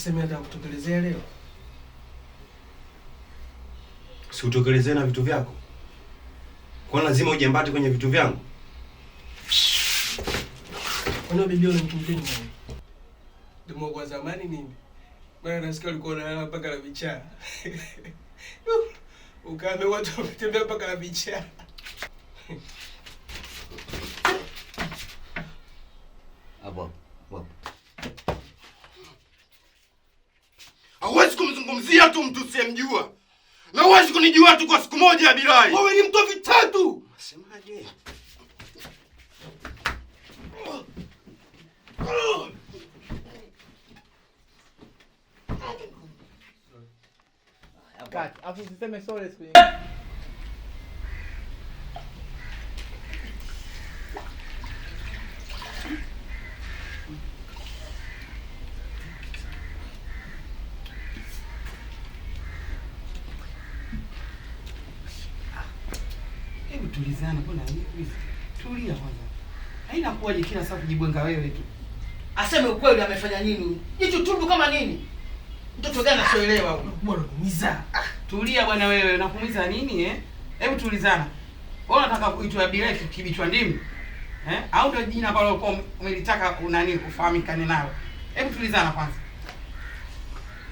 Kisa mimi kutokelezea leo. Si utokelezee na vitu vyako. Kwa lazima ujambate kwenye vitu vyangu. Mbona bibi ni mtu mgeni wewe? Demo kwa zamani nini? Maana nasikia ulikuwa unalala mpaka la vichaa. Ukame watu wametembea mpaka la vichaa. Abo. namzungumzia tu mtu usiyemjua, na huwezi kunijua tu kwa siku moja ya bilai. Wewe ni mtu vitatu. Nasemaje? Kati, afu usiseme sorry siku nyingine. tunasikilizana, mbona hivi? Tulia kwanza. Haina kuwaje kila saa kujibwenga wewe tu. Aseme ukweli amefanya nini? Hicho tundu kama nini? Mtoto gani asielewa huyo? Bora kumiza. Ah, tulia bwana wewe, nakuumiza nini eh? Hebu tulizana. Wewe unataka kuitwa Bileki kibichwa ndimi? Eh? Au ndio jina ambalo uko umelitaka unani ufahamikane nalo. Hebu tulizana kwanza.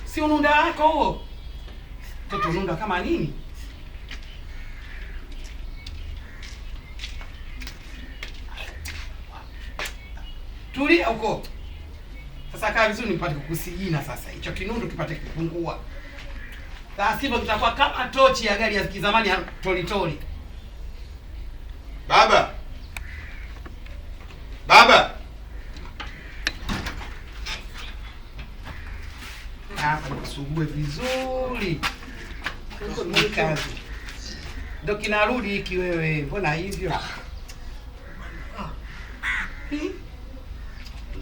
Si ununda wako huo? Mtoto ununda kama nini? tulia huko. Sasa kaa vizuri nipate kukusigina sasa, hicho kinundu kipate kupungua. Sasa sivyo, kitakuwa kama tochi ya gari ya kizamani ya toli toli. Baba. Baba. Hapa vizuri. Kazi. Ndio kinarudi hiki wewe. Mbona hivyo? Ah. Ah. Hmm?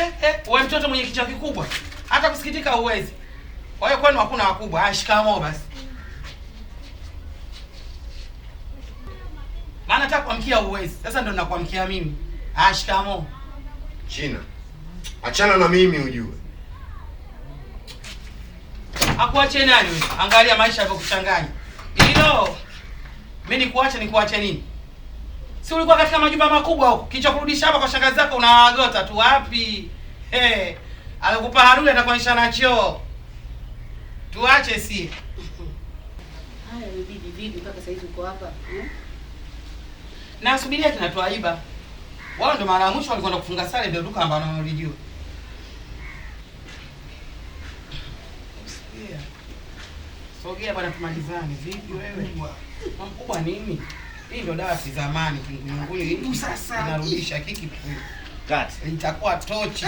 eh, eh, we mtoto mwenye kichwa kikubwa, hata kusikitika huwezi. Kwa hiyo kwenu hakuna wakubwa. Ah, shikamoo basi. Maana hata kuamkia huwezi. Sasa ndio nakuamkia mimi. Ah, shikamoo. China. Achana na mimi ujue. akuache nani wewe? Angalia maisha yako kuchanganya. Hilo. Mimi nikuache nikuache nini? Si ulikuwa katika majumba makubwa huko, kicho kurudisha hapa kwa shangazi zako unawagota tu wapi? Hey, alikupa haruri atakuonyesha na choo. Tuache si. Haya bibi bibi mpaka sasa hivi uko hapa. Eh? Na subiria tunatoa aiba. Wao ndo mara mwisho walikwenda kufunga sare ndio duka ambalo wanalijua. Sogea bwana tumalizane. Vipi wewe? Mkubwa nini? Hii ndio dawa si zamani, Mungu sasa inarudisha kiki itakuwa tochi.